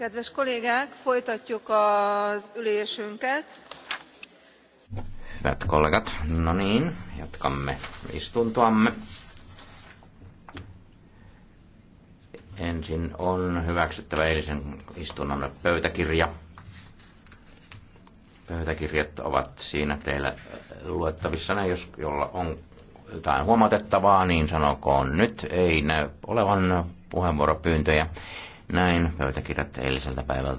kedves kollégák folytatjuk az ülésünket hyvät kollegat no niin jatkamme istuntoamme ensin on hyväksyttävä eilisen istunnon pöytäkirja pöytäkirjat ovat siinä teillä luettavissa jos jolla on jotain huomautettavaa niin sanokoon nyt ei näy olevan puheenvuoropyyntöjä näin pöytäkirjat eiliseltä päivältä